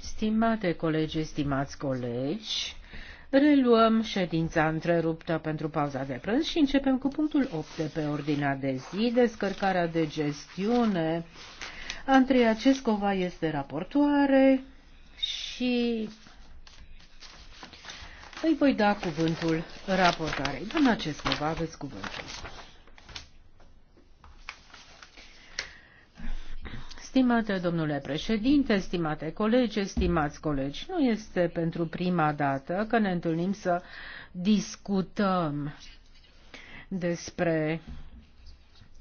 Stimate colegi, stimați colegi, reluăm ședința întreruptă pentru pauza de prânz și începem cu punctul 8 de pe ordinea de zi, descărcarea de gestiune. Andreea Cescova este raportoare și îi voi da cuvântul raportarei. Doamna Cescova, aveți cuvântul. Stimate domnule președinte, stimate colegi, stimați colegi, nu este pentru prima dată că ne întâlnim să discutăm despre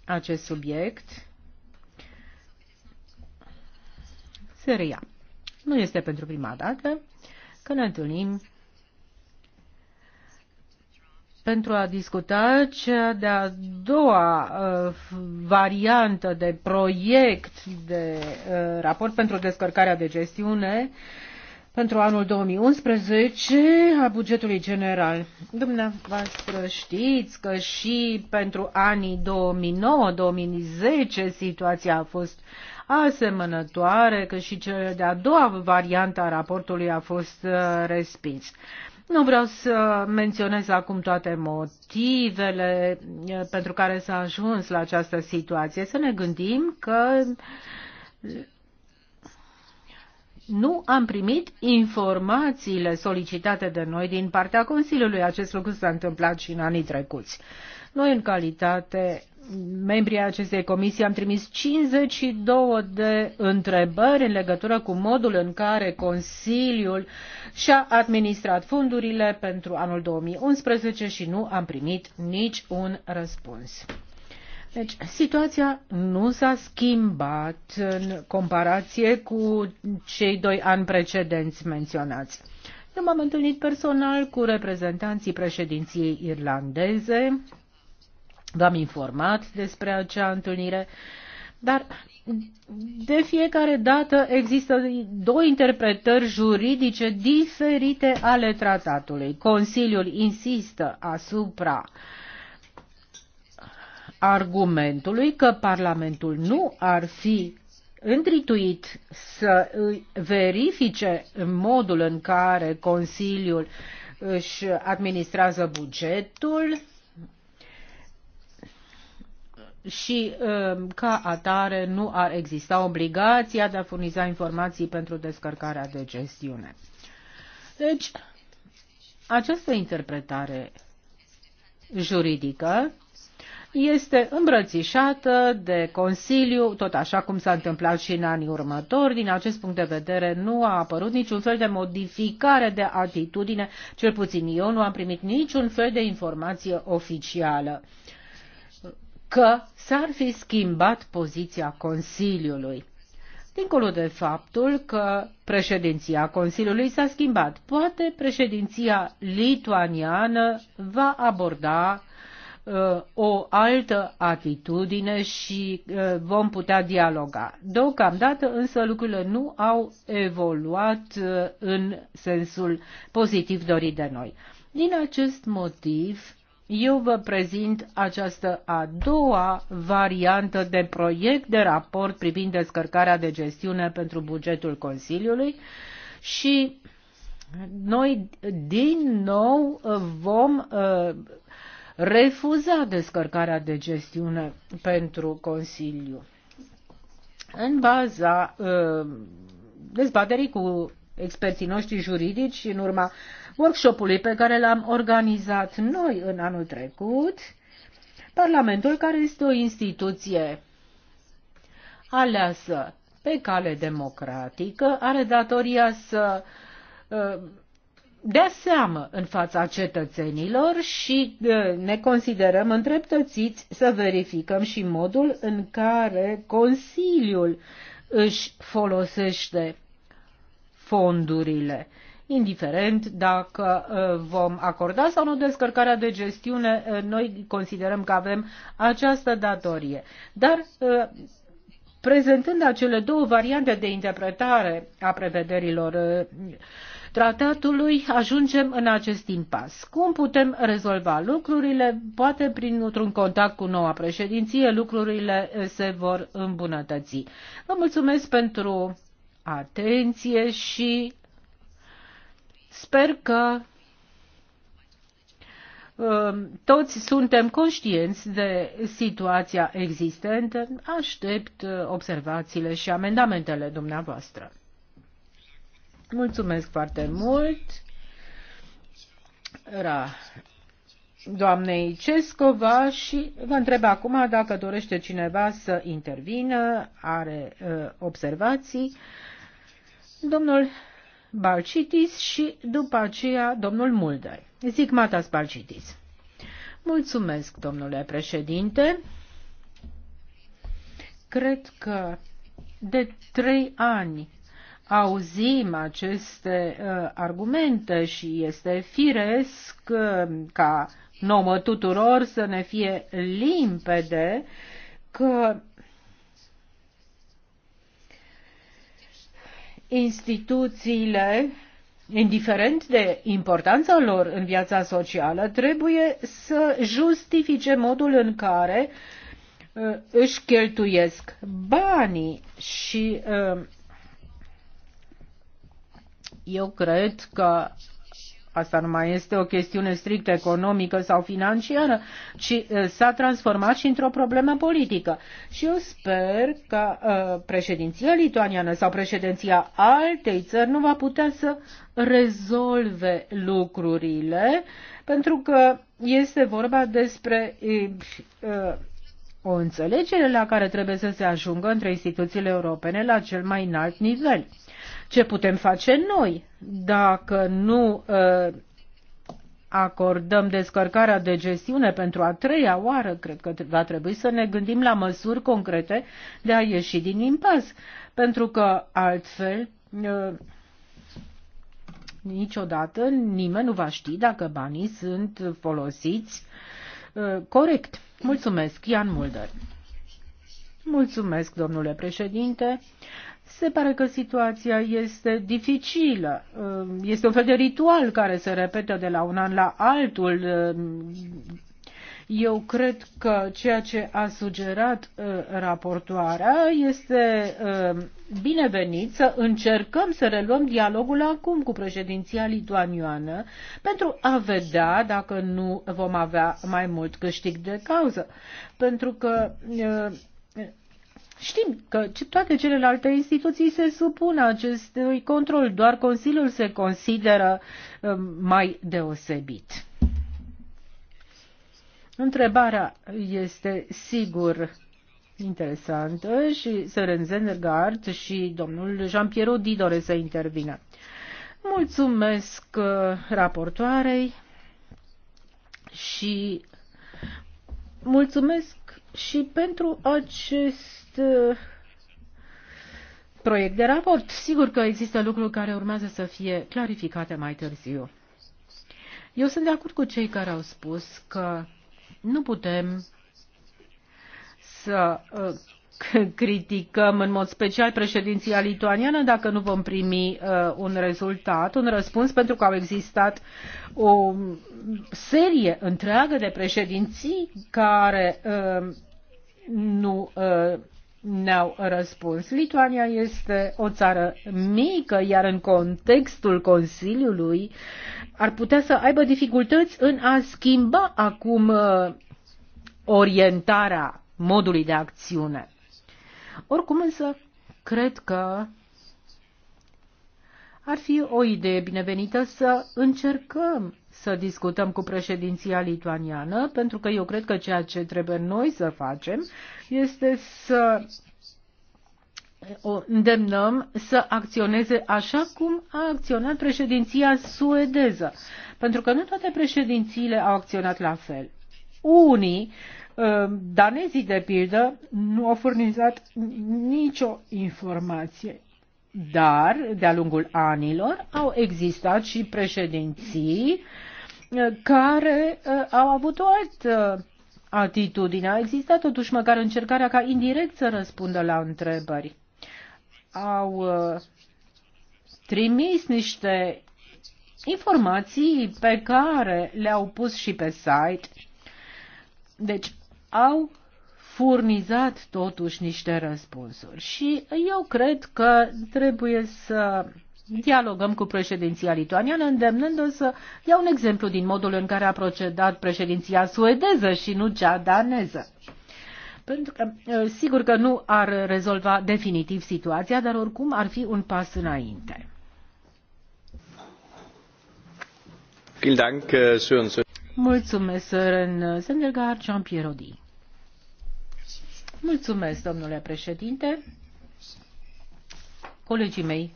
acest subiect. Seria. Nu este pentru prima dată că ne întâlnim pentru a discuta cea de-a doua uh, variantă de proiect de uh, raport pentru descărcarea de gestiune pentru anul 2011 a bugetului general. Dumneavoastră știți că și pentru anii 2009-2010 situația a fost asemănătoare, că și cea de-a doua variantă a raportului a fost uh, respins. Nu vreau să menționez acum toate motivele pentru care s-a ajuns la această situație. Să ne gândim că nu am primit informațiile solicitate de noi din partea Consiliului. Acest lucru s-a întâmplat și în anii trecuți. Noi, în calitate membrii acestei comisii am trimis 52 de întrebări în legătură cu modul în care Consiliul și-a administrat fondurile pentru anul 2011 și nu am primit nici un răspuns. Deci, situația nu s-a schimbat în comparație cu cei doi ani precedenți menționați. Eu m-am întâlnit personal cu reprezentanții președinției irlandeze, V-am informat despre acea întâlnire, dar de fiecare dată există două interpretări juridice diferite ale tratatului. Consiliul insistă asupra argumentului că Parlamentul nu ar fi întrituit să verifice modul în care Consiliul își administrează bugetul și um, ca atare nu ar exista obligația de a furniza informații pentru descărcarea de gestiune. Deci, această interpretare juridică este îmbrățișată de Consiliu, tot așa cum s-a întâmplat și în anii următori. Din acest punct de vedere nu a apărut niciun fel de modificare de atitudine, cel puțin eu nu am primit niciun fel de informație oficială că s-ar fi schimbat poziția Consiliului. Dincolo de faptul că președinția Consiliului s-a schimbat, poate președinția lituaniană va aborda uh, o altă atitudine și uh, vom putea dialoga. Deocamdată însă lucrurile nu au evoluat uh, în sensul pozitiv dorit de noi. Din acest motiv, eu vă prezint această a doua variantă de proiect de raport privind descărcarea de gestiune pentru bugetul Consiliului și noi din nou vom uh, refuza descărcarea de gestiune pentru Consiliu. În baza uh, dezbaterii cu experții noștri juridici și în urma workshopului pe care l-am organizat noi în anul trecut, Parlamentul, care este o instituție aleasă pe cale democratică, are datoria să ă, dea seamă în fața cetățenilor și ă, ne considerăm îndreptățiți să verificăm și modul în care Consiliul își folosește fondurile indiferent dacă uh, vom acorda sau nu descărcarea de gestiune, uh, noi considerăm că avem această datorie. Dar uh, prezentând acele două variante de interpretare a prevederilor tratatului, ajungem în acest impas. Cum putem rezolva lucrurile? Poate printr-un contact cu noua președinție lucrurile se vor îmbunătăți. Vă mulțumesc pentru atenție și Sper că um, toți suntem conștienți de situația existentă. Aștept uh, observațiile și amendamentele dumneavoastră. Mulțumesc foarte mult. Ra doamnei Cescova și vă întreb acum dacă dorește cineva să intervină, are uh, observații. Domnul Balcitis și după aceea domnul Mulder. Zic Matas Balcitis. Mulțumesc, domnule președinte. Cred că de trei ani auzim aceste uh, argumente și este firesc uh, ca nouă tuturor să ne fie limpede că instituțiile, indiferent de importanța lor în viața socială, trebuie să justifice modul în care uh, își cheltuiesc banii și uh, eu cred că asta nu mai este o chestiune strict economică sau financiară, ci uh, s-a transformat și într-o problemă politică. Și eu sper că uh, președinția lituaniană sau președinția altei țări nu va putea să rezolve lucrurile, pentru că este vorba despre uh, o înțelegere la care trebuie să se ajungă între instituțiile europene la cel mai înalt nivel ce putem face noi dacă nu uh, acordăm descărcarea de gestiune pentru a treia oară, cred că va trebui să ne gândim la măsuri concrete de a ieși din impas, pentru că altfel uh, niciodată nimeni nu va ști dacă banii sunt folosiți uh, corect. Mulțumesc, Ian Mulder. Mulțumesc, domnule președinte. Se pare că situația este dificilă. Um, este un fel de ritual care se repetă de la un an la altul. Um, eu cred că ceea ce a sugerat uh, raportoarea este um, binevenit să încercăm să reluăm dialogul acum cu președinția lituanioană pentru a vedea dacă nu vom avea mai mult câștig de cauză. Pentru că uh, Știm că toate celelalte instituții se supun acestui control, doar Consiliul se consideră um, mai deosebit. Întrebarea este sigur interesantă și Søren Zendergaard și domnul Jean-Pierre Audi doresc să intervină. Mulțumesc uh, raportoarei și mulțumesc și pentru acest uh, proiect de raport. Sigur că există lucruri care urmează să fie clarificate mai târziu. Eu sunt de acord cu cei care au spus că nu putem să uh, criticăm în mod special președinția lituaniană dacă nu vom primi uh, un rezultat, un răspuns, pentru că au existat o serie întreagă de președinții care uh, nu uh, ne-au răspuns. Lituania este o țară mică, iar în contextul Consiliului ar putea să aibă dificultăți în a schimba acum uh, orientarea modului de acțiune. Oricum însă, cred că ar fi o idee binevenită să încercăm să discutăm cu președinția lituaniană, pentru că eu cred că ceea ce trebuie noi să facem este să o îndemnăm să acționeze așa cum a acționat președinția suedeză. Pentru că nu toate președințiile au acționat la fel. Unii uh, Ă, danezii, de pildă, nu au furnizat nicio informație. Dar, de-a lungul anilor, au existat și președinții ă, care ă, au avut o altă atitudine. A existat totuși măcar încercarea ca indirect să răspundă la întrebări. Au trimis niște informații pe care le-au pus și pe site. Deci, au furnizat totuși niște răspunsuri și eu cred că trebuie să dialogăm cu președinția lituaniană, îndemnându-o să iau un exemplu din modul în care a procedat președinția suedeză și nu cea daneză. Pentru că, sigur că nu ar rezolva definitiv situația, dar oricum ar fi un pas înainte. Vielen Dank, äh, Sören Mulțumesc, Săren Sendergar, jean Pierodi. Mulțumesc, domnule președinte. Colegii mei,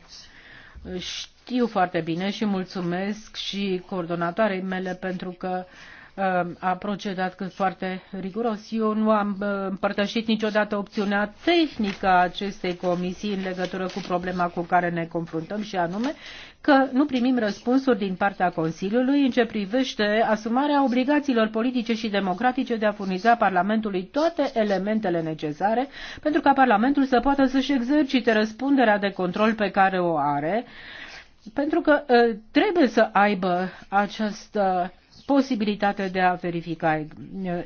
știu foarte bine și mulțumesc și coordonatoarei mele pentru că uh, Um, a procedat când foarte riguros. Eu nu am uh, împărtășit niciodată opțiunea tehnică a acestei comisii în legătură cu problema cu care ne confruntăm și anume că nu primim răspunsuri din partea Consiliului în ce privește asumarea obligațiilor politice și democratice de a furniza Parlamentului toate elementele necesare pentru ca Parlamentul să poată să-și exercite răspunderea de control pe care o are, pentru că uh, trebuie să aibă această posibilitatea de a verifica eh,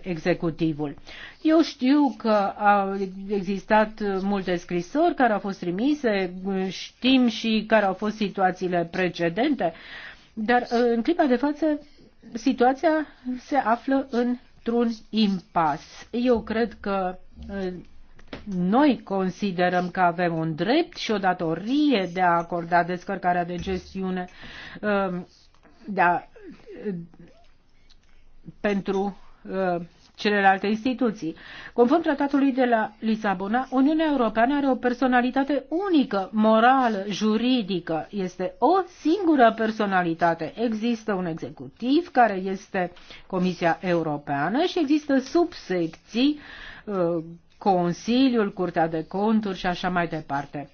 executivul. Eu știu că au existat multe scrisori care au fost trimise, știm și care au fost situațiile precedente, dar eh, în clipa de față situația se află într-un impas. Eu cred că eh, noi considerăm că avem un drept și o datorie de a acorda descărcarea de gestiune, de a pentru uh, celelalte instituții. Conform tratatului de la Lisabona, Uniunea Europeană are o personalitate unică, morală, juridică. Este o singură personalitate. Există un executiv care este Comisia Europeană și există subsecții, uh, Consiliul, Curtea de Conturi și așa mai departe.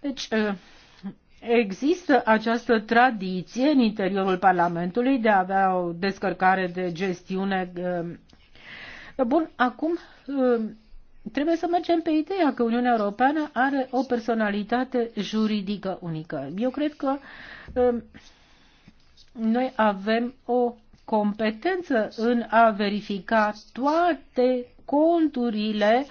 Deci, uh, Există această tradiție în interiorul Parlamentului de a avea o descărcare de gestiune. Um, bun, acum um, trebuie să mergem pe ideea că Uniunea Europeană are o personalitate juridică unică. Eu cred că um, noi avem o competență în a verifica toate conturile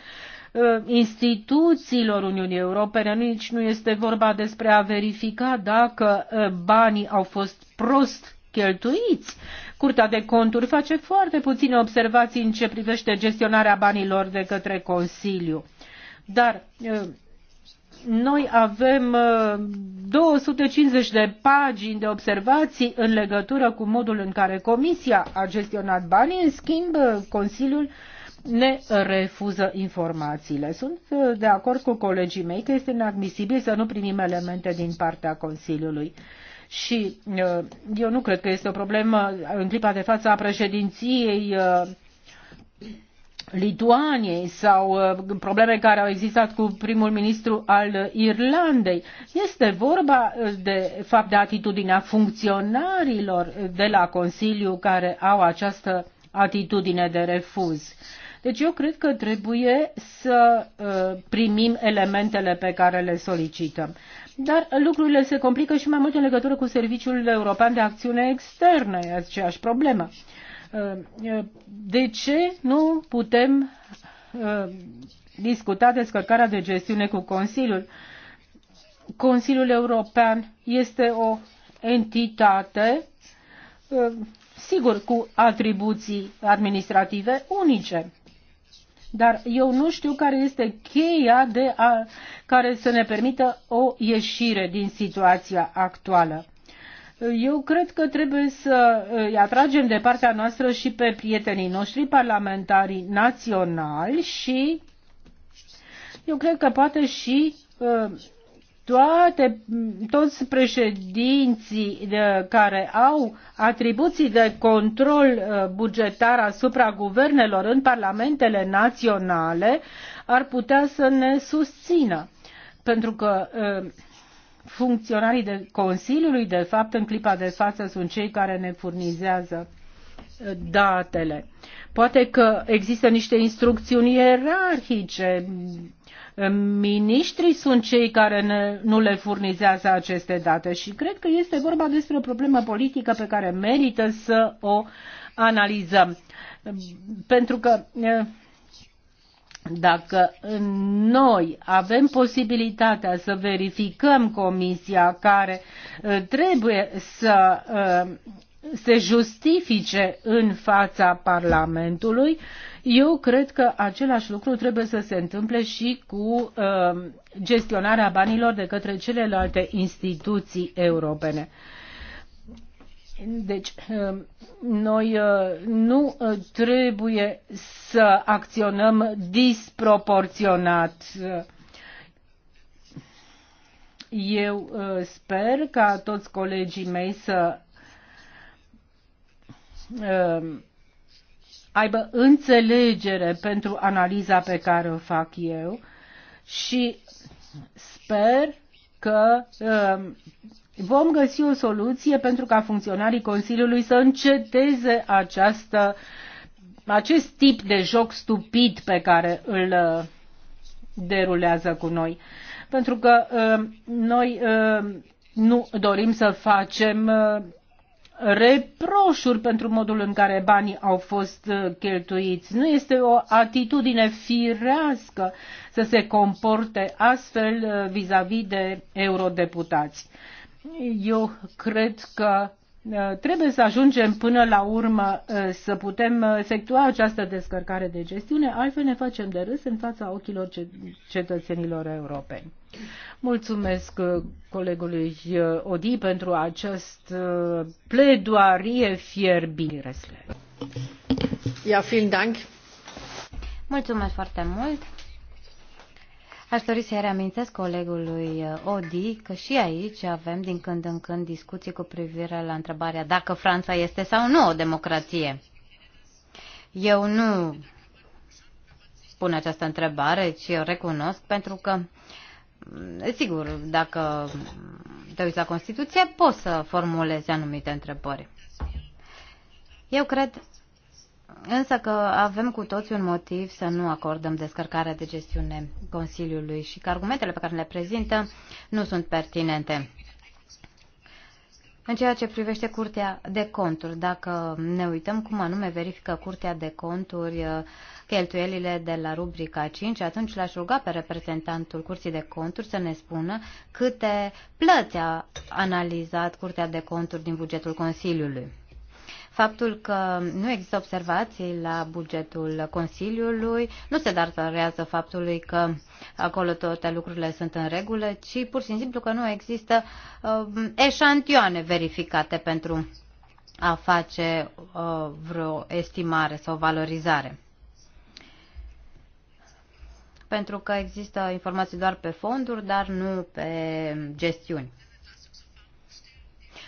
Uh, instituțiilor Uniunii Europene. Nici nu este vorba despre a verifica dacă uh, banii au fost prost cheltuiți. Curtea de conturi face foarte puține observații în ce privește gestionarea banilor de către Consiliu. Dar uh, noi avem 250 de pagini de observații în legătură cu modul în care Comisia a gestionat banii, în schimb Consiliul ne refuză informațiile. Sunt uh, de acord cu colegii mei că este inadmisibil să nu primim elemente din partea Consiliului. Și uh, eu nu cred că este o problemă în clipa de față a președinției uh, Lituaniei sau probleme care au existat cu primul ministru al Irlandei. Este vorba de fapt de atitudinea funcționarilor de la Consiliu care au această atitudine de refuz. Deci eu cred că trebuie să uh, primim elementele pe care le solicităm. Dar lucrurile se complică și mai mult în legătură cu Serviciul European de Acțiune Externă, e aceeași problemă. Uh, uh, de ce nu putem discuta descărcarea de gestiune cu Consiliul? Consiliul European este o entitate, sigur, cu atribuții administrative unice. Dar eu nu știu care este cheia de a, care să ne permită o ieșire din situația actuală. Eu cred că trebuie să îi atragem de partea noastră și pe prietenii noștri parlamentarii naționali și eu cred că poate și uh, toate, toți președinții de, care au atribuții de control uh, bugetar asupra guvernelor în parlamentele naționale ar putea să ne susțină. Pentru că uh, funcționarii de Consiliului, de fapt, în clipa de față sunt cei care ne furnizează uh, datele. Poate că există niște instrucțiuni ierarhice Ministrii sunt cei care ne, nu le furnizează aceste date și cred că este vorba despre o problemă politică pe care merită să o analizăm. Pentru că dacă noi avem posibilitatea să verificăm comisia care trebuie să se justifice în fața Parlamentului, eu cred că același lucru trebuie să se întâmple și cu uh, gestionarea banilor de către celelalte instituții europene. Deci, um, noi uh, nu uh, trebuie să acționăm disproporționat. Eu uh, sper ca toți colegii mei să um, aibă înțelegere pentru analiza pe care o fac eu și sper că um, vom găsi o soluție pentru ca funcționarii Consiliului să înceteze această, acest tip de joc stupid pe care îl uh, derulează cu noi. Pentru că um, noi um, nu dorim să facem uh, reproșuri pentru modul în care banii au fost uh, cheltuiți. Nu este o atitudine firească să se comporte astfel uh, vis-a-vis -vis de eurodeputați. Eu cred că Eh, trebuie să ajungem până la urmă eh, să putem eh, efectua această descărcare de gestiune, altfel ne facem de râs în fața ochilor cetățenilor europeni. Mulțumesc colegului Odi pentru acest pledoarie fierbire. Ja, vielen Dank. Mulțumesc foarte mult. Aș dori să-i reamintesc colegului uh, Odi că și aici avem din când în când discuții cu privire la întrebarea dacă Franța este sau nu o democrație. Eu nu pun această întrebare, ci o recunosc pentru că, mm, sigur, dacă te uiți la Constituție, poți să formulezi anumite întrebări. Eu cred Însă că avem cu toți un motiv să nu acordăm descărcarea de gestiune Consiliului și că argumentele pe care le prezintă nu sunt pertinente. În ceea ce privește Curtea de Conturi, dacă ne uităm cum anume verifică Curtea de Conturi uh, cheltuielile de la rubrica 5, atunci l-aș ruga pe reprezentantul Curții de Conturi să ne spună câte plăți a analizat Curtea de Conturi din bugetul Consiliului. Faptul că nu există observații la bugetul Consiliului nu se datorează faptului că acolo toate lucrurile sunt în regulă, ci pur și simplu că nu există uh, eșantioane verificate pentru a face uh, vreo estimare sau valorizare pentru că există informații doar pe fonduri, dar nu pe gestiuni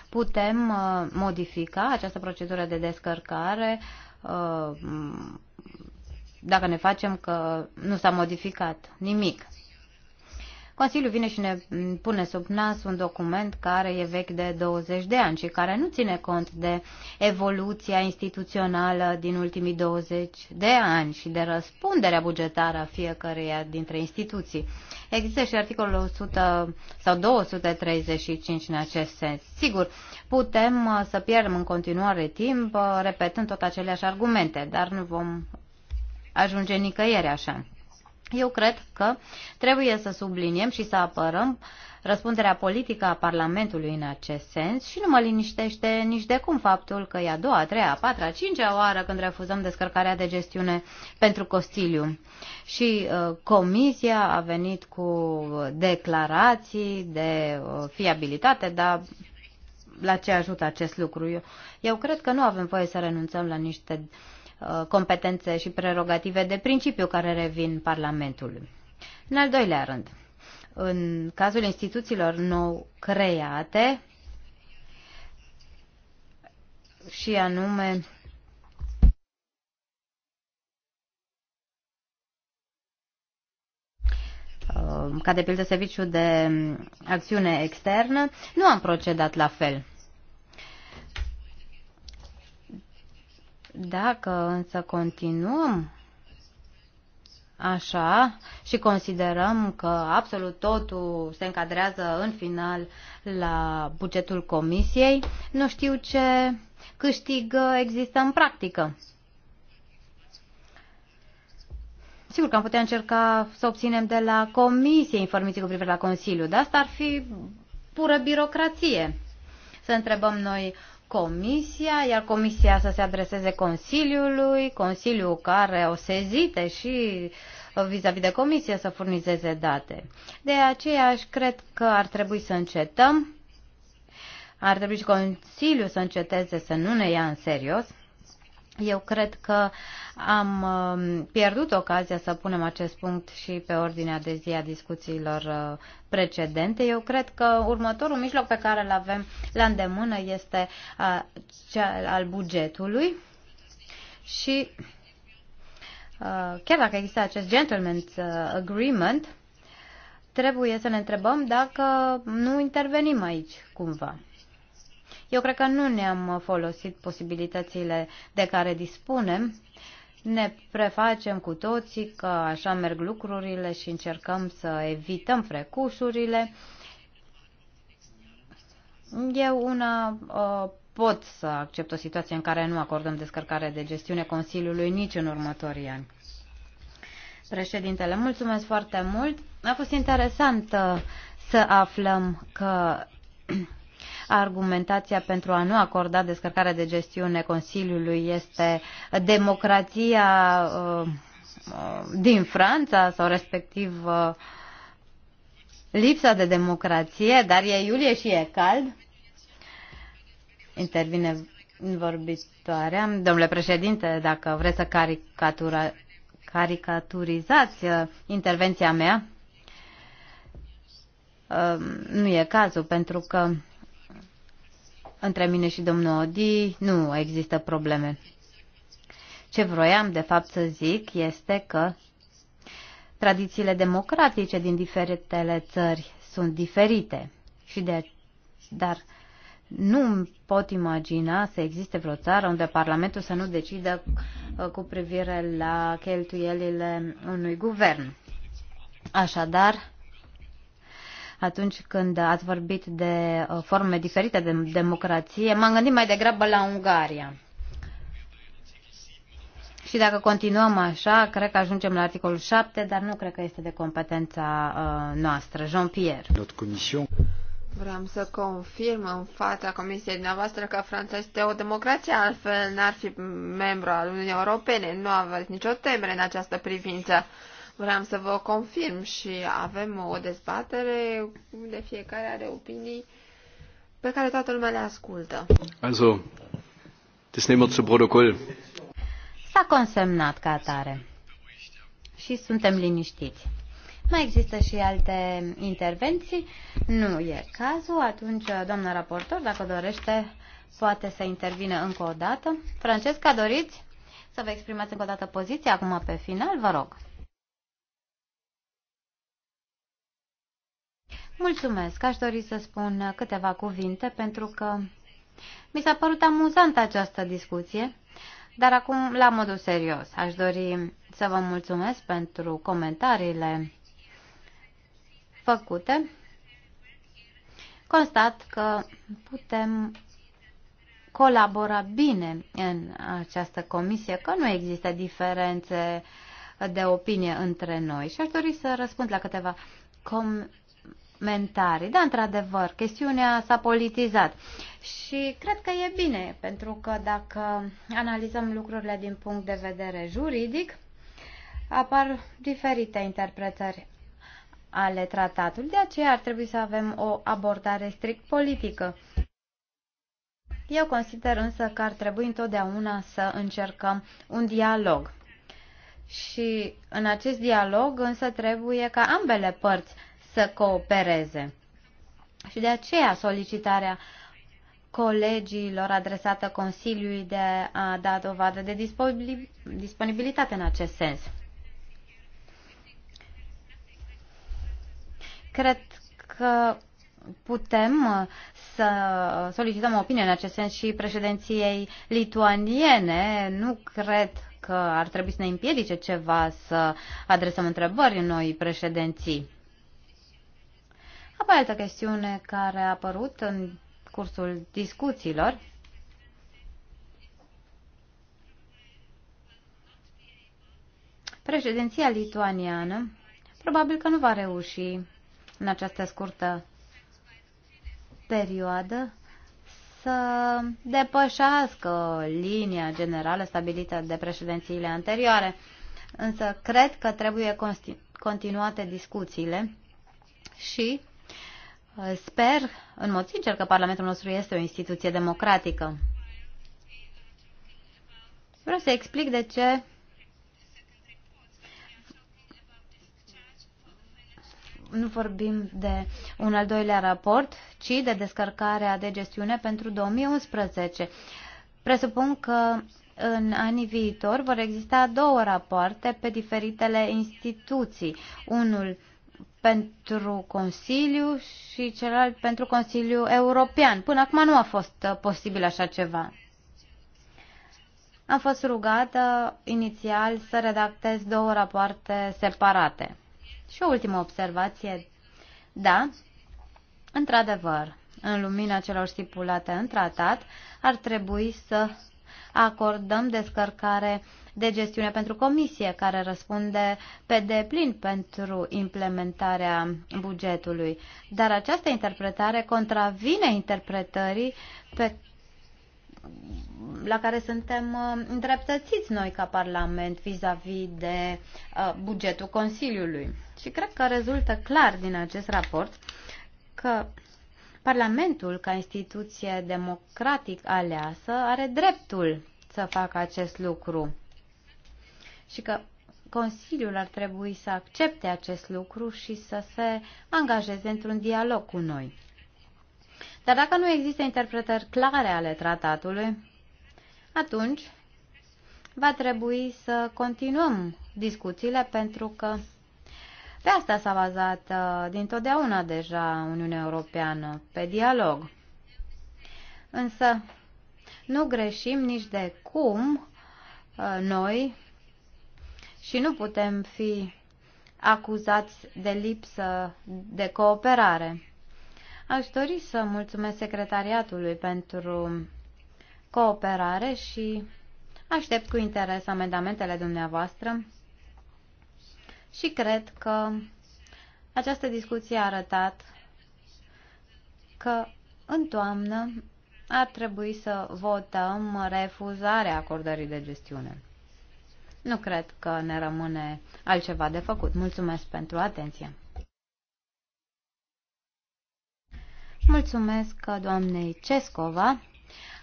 putem uh, modifica această procedură de descărcare uh, dacă ne facem că nu s-a modificat nimic. Consiliul vine și ne pune sub nas un document care e vechi de 20 de ani și care nu ține cont de evoluția instituțională din ultimii 20 de ani și de răspunderea bugetară a fiecăreia dintre instituții. Există și articolul 100 sau 235 în acest sens. Sigur, putem uh, să pierdem în continuare timp uh, repetând tot aceleași argumente, dar nu vom ajunge nicăieri așa. Eu cred că trebuie să subliniem și să apărăm răspunderea politică a Parlamentului în acest sens și nu mă liniștește nici de cum faptul că e a doua, a treia, a patra, a cincea oară când refuzăm descărcarea de gestiune pentru Costiliu. Și uh, comisia a venit cu declarații de uh, fiabilitate, dar la ce ajută acest lucru? Eu, eu cred că nu avem voie să renunțăm la niște uh, Uh, competențe și prerogative de principiu care revin Parlamentului. În al doilea rând, în cazul instituțiilor nou create, și anume uh, ca de pildă serviciul de acțiune externă, nu am procedat la fel. Dacă însă continuăm așa și considerăm că absolut totul se încadrează în final la bugetul comisiei, nu știu ce câștig există în practică. Sigur că am putea încerca să obținem de la comisie informații cu privire la Consiliu, dar asta ar fi pură birocrație. Să întrebăm noi Comisia, iar Comisia să se adreseze Consiliului, Consiliul care o sezite și vis-a-vis -vis de Comisie să furnizeze date. De aceea aș cred că ar trebui să încetăm, ar trebui și Consiliul să înceteze să nu ne ia în serios, eu cred că am um, pierdut ocazia să punem acest punct și pe ordinea de zi a discuțiilor uh, precedente. Eu cred că următorul mijloc pe care îl avem la îndemână este uh, cel al bugetului și uh, chiar dacă există acest gentleman's agreement, trebuie să ne întrebăm dacă nu intervenim aici cumva. Eu cred că nu ne-am folosit posibilitățile de care dispunem. Ne prefacem cu toții că așa merg lucrurile și încercăm să evităm frecușurile. Eu una uh, pot să accept o situație în care nu acordăm descărcare de gestiune Consiliului nici în următorii ani. Președintele, mulțumesc foarte mult. A fost interesant uh, să aflăm că argumentația pentru a nu acorda descărcarea de gestiune Consiliului este democrația uh, din Franța sau respectiv uh, lipsa de democrație, dar e iulie și e cald. Intervine vorbitoarea. Domnule președinte, dacă vreți să caricatura, caricaturizați uh, intervenția mea, nu e cazul, pentru că între mine și domnul Odi nu există probleme. Ce vroiam, de fapt, să zic este că tradițiile democratice din diferitele țări sunt diferite și de dar nu pot imagina să existe vreo țară unde Parlamentul să nu decidă uh, cu privire la cheltuielile unui guvern. Așadar, atunci când ați vorbit de uh, forme diferite de democrație, m-am gândit mai degrabă la Ungaria. Și dacă continuăm așa, cred că ajungem la articolul 7, dar nu cred că este de competența uh, noastră. Jean-Pierre. Vreau să confirm în fața comisiei dumneavoastră că Franța este o democrație, altfel n-ar fi membru al Uniunii Europene. Nu aveți nicio temere în această privință. Vreau să vă confirm și avem o dezbatere de fiecare are opinii pe care toată lumea le ascultă. Also, das nehmen wir zu protocol. S-a consemnat ca atare și suntem liniștiți. Mai există și alte intervenții? Nu e cazul. Atunci, doamna raportor, dacă dorește, poate să intervine încă o dată. Francesca, doriți să vă exprimați încă o dată poziția acum pe final? Vă rog. Mulțumesc! Aș dori să spun câteva cuvinte pentru că mi s-a părut amuzantă această discuție, dar acum la modul serios. Aș dori să vă mulțumesc pentru comentariile făcute. Constat că putem colabora bine în această comisie, că nu există diferențe de opinie între noi și aș dori să răspund la câteva com- comentarii. Da, într-adevăr, chestiunea s-a politizat. Și cred că e bine, pentru că dacă analizăm lucrurile din punct de vedere juridic, apar diferite interpretări ale tratatului, de aceea ar trebui să avem o abordare strict politică. Eu consider însă că ar trebui întotdeauna să încercăm un dialog. Și în acest dialog însă trebuie ca ambele părți să coopereze. Și de aceea solicitarea colegiilor adresată Consiliului de a da dovadă de disponibilitate în acest sens. Cred că putem uh, să solicităm o opinie în acest sens și președinției lituaniene. Nu cred că ar trebui să ne împiedice ceva să adresăm întrebări în noi președinții. Apoi altă chestiune care a apărut în cursul discuțiilor Președinția lituaniană probabil că nu va reuși în această scurtă perioadă să depășească linia generală stabilită de președințiile anterioare. Însă cred că trebuie continuate discuțiile și Sper, în mod sincer, că Parlamentul nostru este o instituție democratică. Vreau să explic de ce nu vorbim de un al doilea raport, ci de descărcarea de gestiune pentru 2011. Presupun că în anii viitori vor exista două rapoarte pe diferitele instituții. Unul pentru Consiliu și celălalt pentru Consiliu European. Până acum nu a fost uh, posibil așa ceva. Am fost rugată inițial să redactez două rapoarte separate. Și o ultimă observație. Da, într-adevăr, în lumina celor stipulate în tratat, ar trebui să acordăm descărcare uh, de gestiune pentru comisie, care răspunde pe deplin pentru implementarea bugetului. Dar această interpretare contravine interpretării pe la care suntem uh, îndreptățiți noi ca Parlament vis-a-vis -vis de uh, bugetul Consiliului. Și cred că rezultă clar din acest raport că Parlamentul, ca instituție democratic aleasă, are dreptul să facă acest lucru și că Consiliul ar trebui să accepte acest lucru și să se angajeze într-un dialog cu noi. Dar dacă nu există interpretări clare ale tratatului, atunci va trebui să continuăm discuțiile pentru că pe asta s-a bazat uh, dintotdeauna deja Uniunea Europeană, pe dialog. Însă nu greșim nici de cum uh, noi și nu putem fi acuzați de lipsă de cooperare. Aș dori să mulțumesc secretariatului pentru cooperare și aștept cu interes amendamentele dumneavoastră și cred că această discuție a arătat că în toamnă ar trebui să votăm refuzarea acordării de gestiune nu cred că ne rămâne altceva de făcut. Mulțumesc pentru atenție. Mulțumesc doamnei Cescova.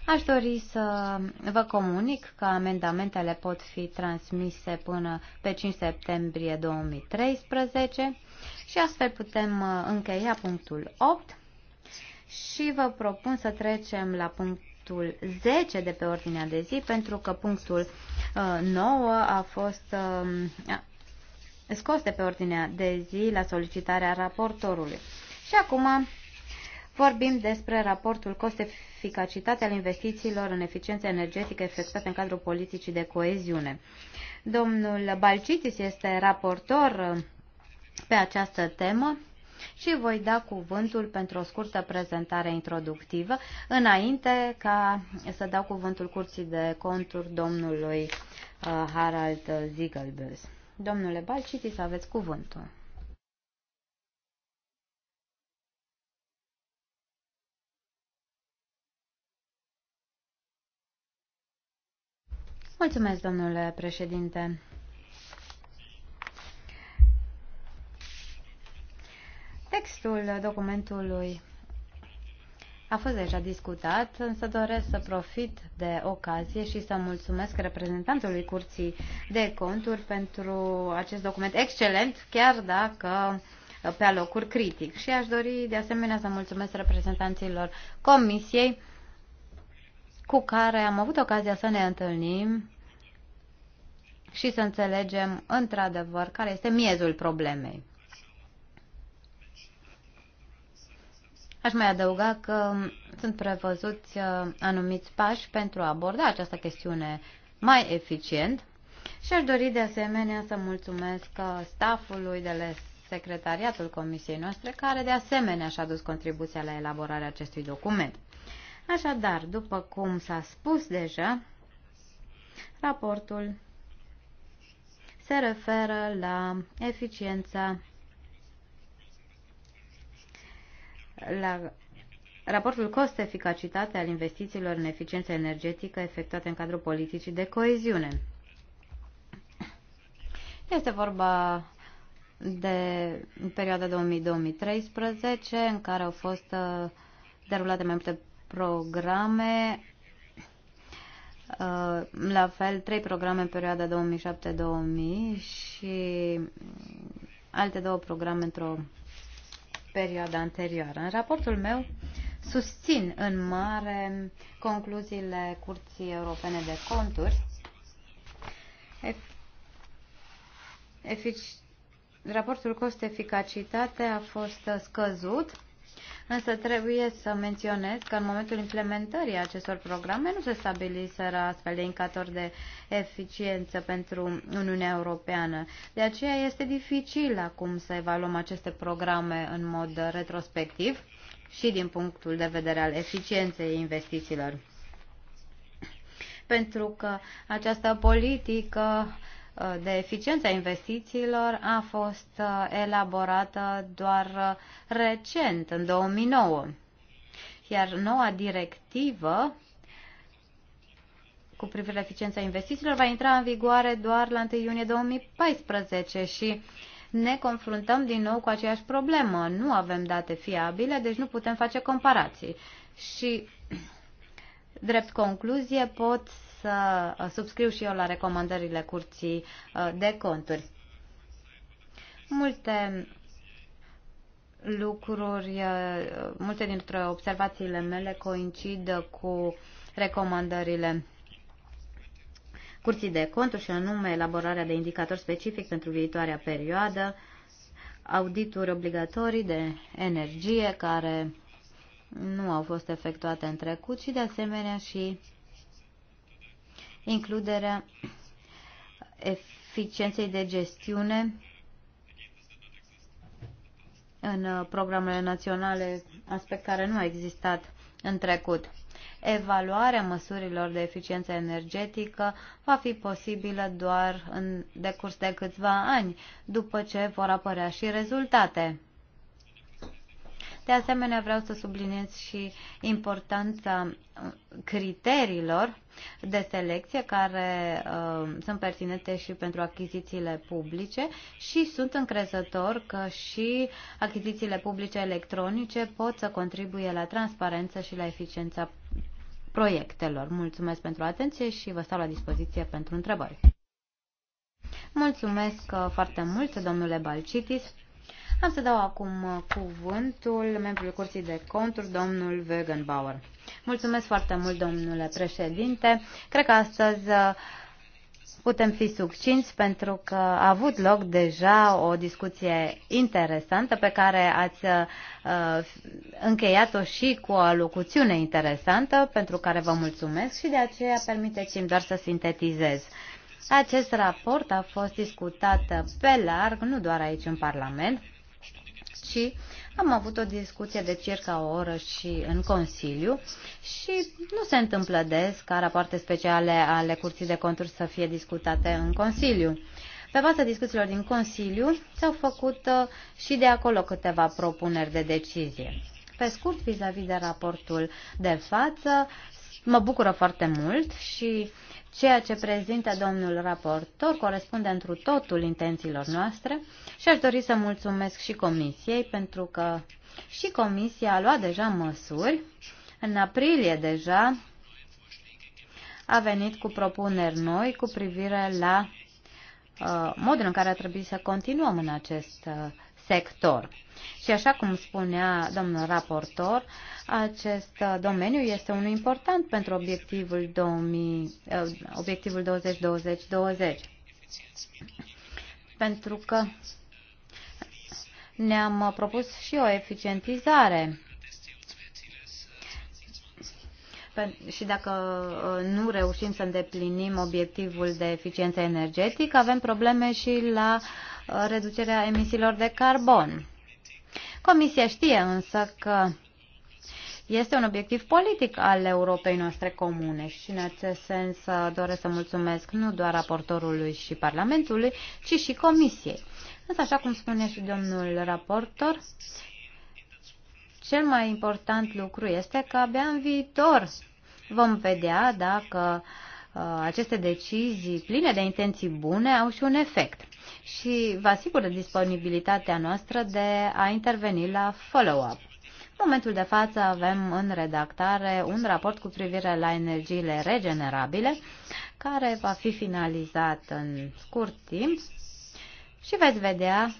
Aș dori să vă comunic că amendamentele pot fi transmise până pe 5 septembrie 2013 și astfel putem uh, încheia punctul 8 și vă propun să trecem la punctul punctul 10 de pe ordinea de zi, pentru că punctul 9 uh, a fost uh, scos de pe ordinea de zi la solicitarea raportorului. Și acum vorbim despre raportul cost-eficacitate al investițiilor în eficiență energetică efectuate în cadrul politicii de coeziune. Domnul Balcitis este raportor pe această temă și voi da cuvântul pentru o scurtă prezentare introductivă, înainte ca să dau cuvântul curții de conturi domnului uh, Harald Ziegelbös. Domnule Balciti, să aveți cuvântul. Mulțumesc, domnule președinte. Textul documentului a fost deja discutat, însă doresc să profit de ocazie și să mulțumesc reprezentantului Curții de Conturi pentru acest document excelent, chiar dacă pe alocuri critic. Și aș dori de asemenea să mulțumesc reprezentanților Comisiei cu care am avut ocazia să ne întâlnim și să înțelegem într-adevăr care este miezul problemei. Aș mai adăuga că sunt prevăzuți uh, anumiți pași pentru a aborda această chestiune mai eficient și aș dori de asemenea să mulțumesc uh, staffului de la secretariatul comisiei noastre, care de asemenea și-a dus contribuția la elaborarea acestui document. Așadar, după cum s-a spus deja, raportul se referă la eficiența la raportul cost-eficacitate al investițiilor în eficiență energetică efectuate în cadrul politicii de coeziune. Este vorba de perioada 2000-2013, în care au fost uh, derulate mai multe programe, uh, la fel trei programe în perioada 2007-2000 și mm, alte două programe într-o perioada anterioară. În raportul meu susțin în mare concluziile Curții Europene de Conturi. Efic- raportul cost-eficacitate a fost scăzut însă trebuie să menționez că în momentul implementării acestor programe nu se stabiliseră astfel de indicatori de eficiență pentru Uniunea Europeană. De aceea este dificil acum să evaluăm aceste programe în mod retrospectiv și din punctul de vedere al eficienței investițiilor pentru că această politică de eficiență a investițiilor a fost uh, elaborată doar uh, recent, în 2009. Iar noua directivă cu privire la eficiența investițiilor va intra în vigoare doar la 1 iunie 2014 și ne confruntăm din nou cu aceeași problemă. Nu avem date fiabile, deci nu putem face comparații. Și, drept concluzie, pot să uh, subscriu și eu la recomandările curții uh, de conturi. Multe lucruri, uh, multe dintre observațiile mele coincid cu recomandările curții de conturi și anume elaborarea de indicatori specific pentru viitoarea perioadă, audituri obligatorii de energie care nu au fost efectuate în trecut și de asemenea și includerea eficienței de gestiune în uh, programele naționale, aspect care nu a existat în trecut. Evaluarea măsurilor de eficiență energetică va fi posibilă doar în decurs de câțiva ani, după ce vor apărea și rezultate. De asemenea, vreau să subliniez și importanța uh, criteriilor de selecție care uh, sunt pertinente și pentru achizițiile publice și sunt încrezător că și achizițiile publice electronice pot să contribuie la transparență și la eficiența proiectelor. Mulțumesc pentru atenție și vă stau la dispoziție pentru întrebări. Mulțumesc uh, foarte mult, domnule Balcitis. Am să dau acum uh, cuvântul membrului Curții de Conturi, domnul Wegenbauer. Mulțumesc foarte mult, domnule președinte. Cred că astăzi uh, putem fi succinți pentru că a avut loc deja o discuție interesantă pe care ați uh, încheiat-o și cu o locuțiune interesantă pentru care vă mulțumesc și de aceea permiteți-mi doar să sintetizez. Acest raport a fost discutat pe larg, nu doar aici în Parlament, și am avut o discuție de circa o oră și în Consiliu și nu se întâmplă des ca rapoarte speciale ale Curții de Conturi să fie discutate în Consiliu. Pe baza discuțiilor din Consiliu s-au făcut uh, și de acolo câteva propuneri de decizie. Pe scurt, vis-a-vis -vis de raportul de față, mă bucură foarte mult și Ceea ce prezintă domnul raportor corespunde întru totul intențiilor noastre și aș dori să mulțumesc și comisiei pentru că și comisia a luat deja măsuri. În aprilie deja a venit cu propuneri noi cu privire la uh, modul în care ar trebui să continuăm în acest uh, sector. Și așa cum spunea domnul raportor, acest domeniu este unul important pentru obiectivul, 2000, eh, obiectivul 20-20-20. Pentru că ne-am propus și o eficientizare. Și dacă eh, nu reușim să îndeplinim obiectivul de eficiență energetică, avem probleme și la uh, Uh, reducerea emisiilor de carbon. Comisia știe însă că este un obiectiv politic al Europei noastre comune și în acest sens uh, doresc să mulțumesc nu doar raportorului și Parlamentului, ci și Comisiei. Însă, așa cum spune și domnul raportor, cel mai important lucru este că abia în viitor vom vedea dacă uh, aceste decizii pline de intenții bune au și un efect și vă asigură disponibilitatea noastră de a interveni la follow-up. În momentul de față avem în redactare un raport cu privire la energiile regenerabile, care va fi finalizat în scurt timp și veți vedea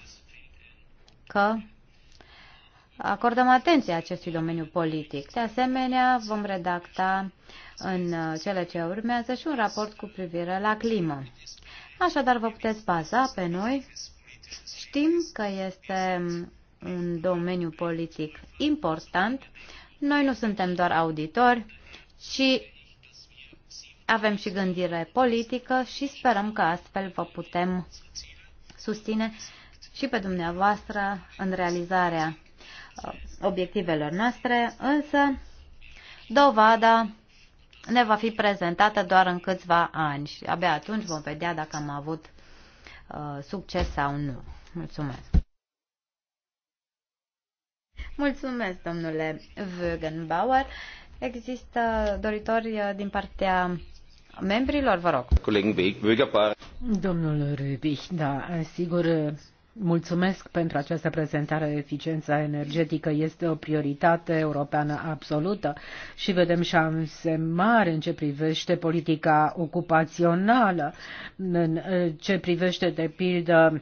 că acordăm atenție acestui domeniu politic. De asemenea, vom redacta în cele ce urmează și un raport cu privire la climă. Așadar, vă puteți baza pe noi. Știm că este un domeniu politic important. Noi nu suntem doar auditori, ci avem și gândire politică și sperăm că astfel vă putem susține și pe dumneavoastră în realizarea uh, obiectivelor noastre, însă dovada ne va fi prezentată doar în câțiva ani și abia atunci vom vedea dacă am avut uh, succes sau nu. Mulțumesc! Mulțumesc, domnule Wögenbauer. Există doritori uh, din partea membrilor, vă rog. Domnul Rubich, da, sigur, Mulțumesc pentru această prezentare. Eficiența energetică este o prioritate europeană absolută și vedem șanse mari în ce privește politica ocupațională, în ce privește, de pildă,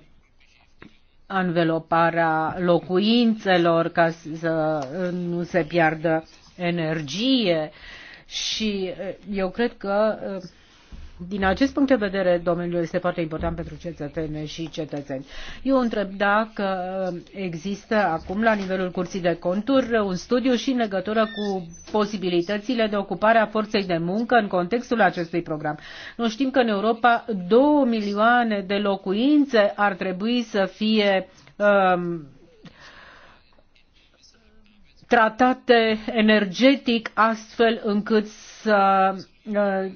anveloparea locuințelor ca să nu se piardă energie. Și eu cred că din acest punct de vedere, domeniul este foarte important pentru cetățeni și cetățeni. Eu întreb dacă există acum la nivelul Curții de Conturi un studiu și în legătură cu posibilitățile de ocupare a forței de muncă în contextul acestui program. Nu știm că în Europa 2 milioane de locuințe ar trebui să fie um, tratate energetic astfel încât să uh,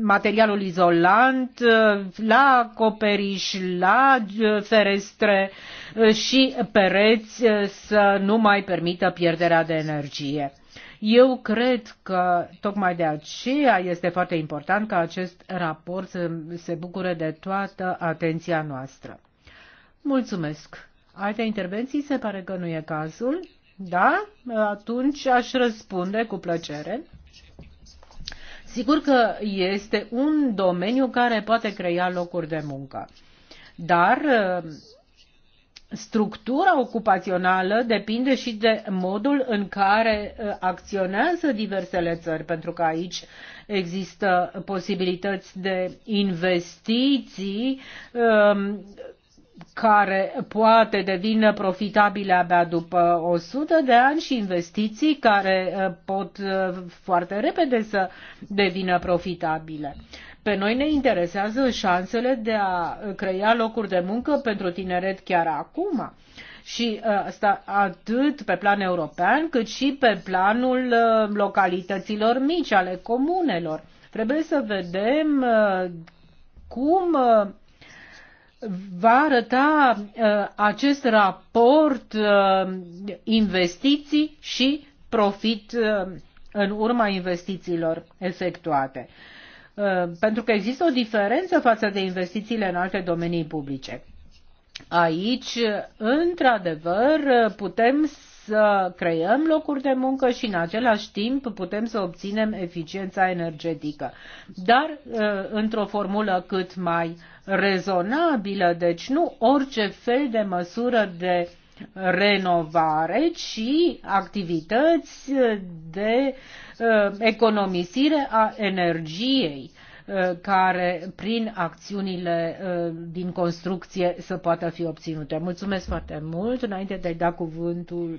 materialul izolant, uh, la acoperiș, la uh, ferestre uh, și pereți să nu mai permită pierderea de energie. Eu cred că tocmai de aceea este foarte important ca acest raport să se bucure de toată atenția noastră. Mulțumesc. Alte intervenții se pare că nu e cazul. Da? Atunci aș răspunde cu plăcere. Sigur că este un domeniu care poate crea locuri de muncă, dar uh, structura ocupațională depinde și de modul în care uh, acționează diversele țări, pentru că aici există posibilități de investiții um, care poate devină profitabile abia după 100 de ani și investiții care uh, pot uh, foarte repede să devină profitabile. Pe noi ne interesează șansele de a uh, crea locuri de muncă pentru tineret chiar acum. Și asta atât pe plan european, cât și pe planul localităților mici, ale comunelor. Trebuie să vedem cum va arăta uh, acest raport uh, investiții și profit uh, în urma investițiilor efectuate. Uh, pentru că există o diferență față de investițiile în alte domenii publice. Aici, într-adevăr, putem să creăm locuri de muncă și în același timp putem să obținem eficiența energetică, dar uh, într-o formulă cât mai rezonabilă, deci nu orice fel de măsură de renovare, ci activități de uh, economisire a energiei uh, care prin acțiunile din construcție să poată fi obținute. Mulțumesc foarte mult. Înainte de a da cuvântul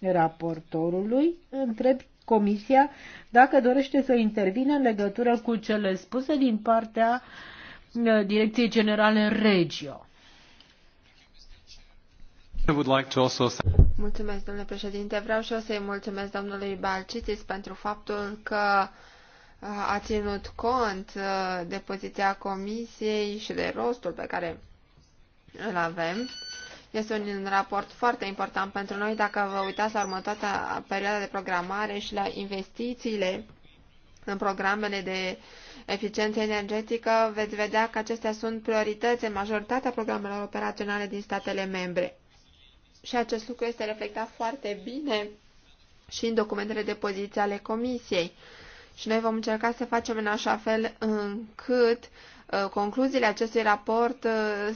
raportorului. Întreb Comisia dacă dorește să intervină în legătură cu cele spuse din partea uh, Direcției Generale Regio. Mulțumesc, domnule președinte. Vreau și eu să-i mulțumesc domnului Balcitis pentru faptul că uh, a ținut cont uh, de poziția comisiei și de rostul pe care îl avem. Este un raport foarte important pentru noi dacă vă uitați la următoarea perioadă de programare și la investițiile în programele de eficiență energetică, veți vedea că acestea sunt priorități în majoritatea programelor operaționale din statele membre. Și acest lucru este reflectat foarte bine și în documentele de poziție ale Comisiei. Și noi vom încerca să facem în așa fel încât Uh, concluziile acestui raport uh,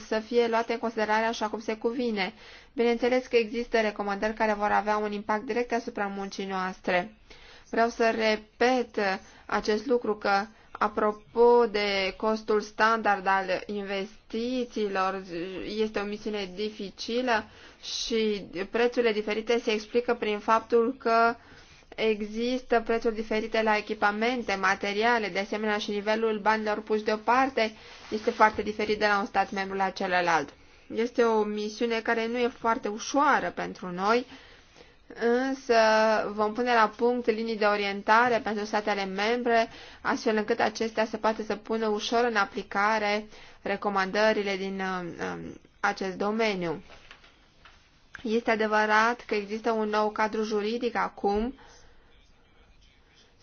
să fie luate în considerare așa cum se cuvine. Bineînțeles că există recomandări care vor avea un impact direct asupra muncii noastre. Vreau să repet acest lucru că Apropo de costul standard al investițiilor, este o misiune dificilă și prețurile diferite se explică prin faptul că uh, Există prețuri diferite la echipamente, materiale, de asemenea și nivelul banilor puși deoparte este foarte diferit de la un stat membru la celălalt. Este o misiune care nu e foarte ușoară pentru noi, însă vom pune la punct linii de orientare pentru statele membre, astfel încât acestea să poată să pună ușor în aplicare recomandările din um, acest domeniu. Este adevărat că există un nou cadru juridic acum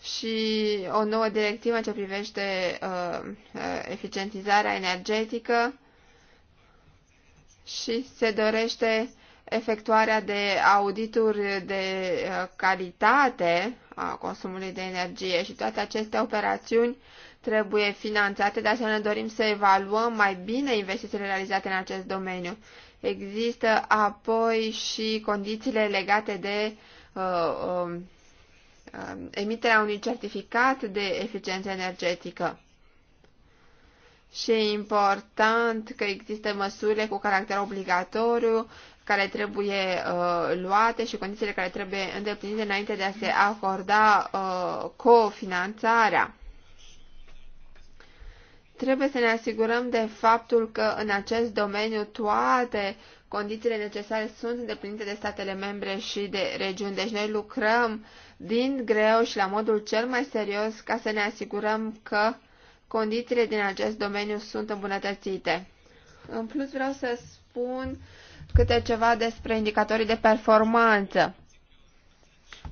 și o nouă directivă ce privește uh, uh, eficientizarea energetică și se dorește efectuarea de audituri de uh, calitate a consumului de energie și toate aceste operațiuni trebuie finanțate, de asemenea dorim să evaluăm mai bine investițiile realizate în acest domeniu. Există apoi și condițiile legate de uh, uh, Um, emiterea unui certificat de eficiență energetică. Și e important că există măsurile cu caracter obligatoriu care trebuie uh, luate și condițiile care trebuie îndeplinite înainte de a se acorda uh, cofinanțarea. Trebuie să ne asigurăm de faptul că în acest domeniu toate condițiile necesare sunt îndeplinite de statele membre și de regiuni. Deci noi lucrăm uh, din greu și la modul cel mai serios ca să ne asigurăm că condițiile din acest domeniu sunt îmbunătățite. În plus vreau să spun câte ceva despre indicatorii de performanță.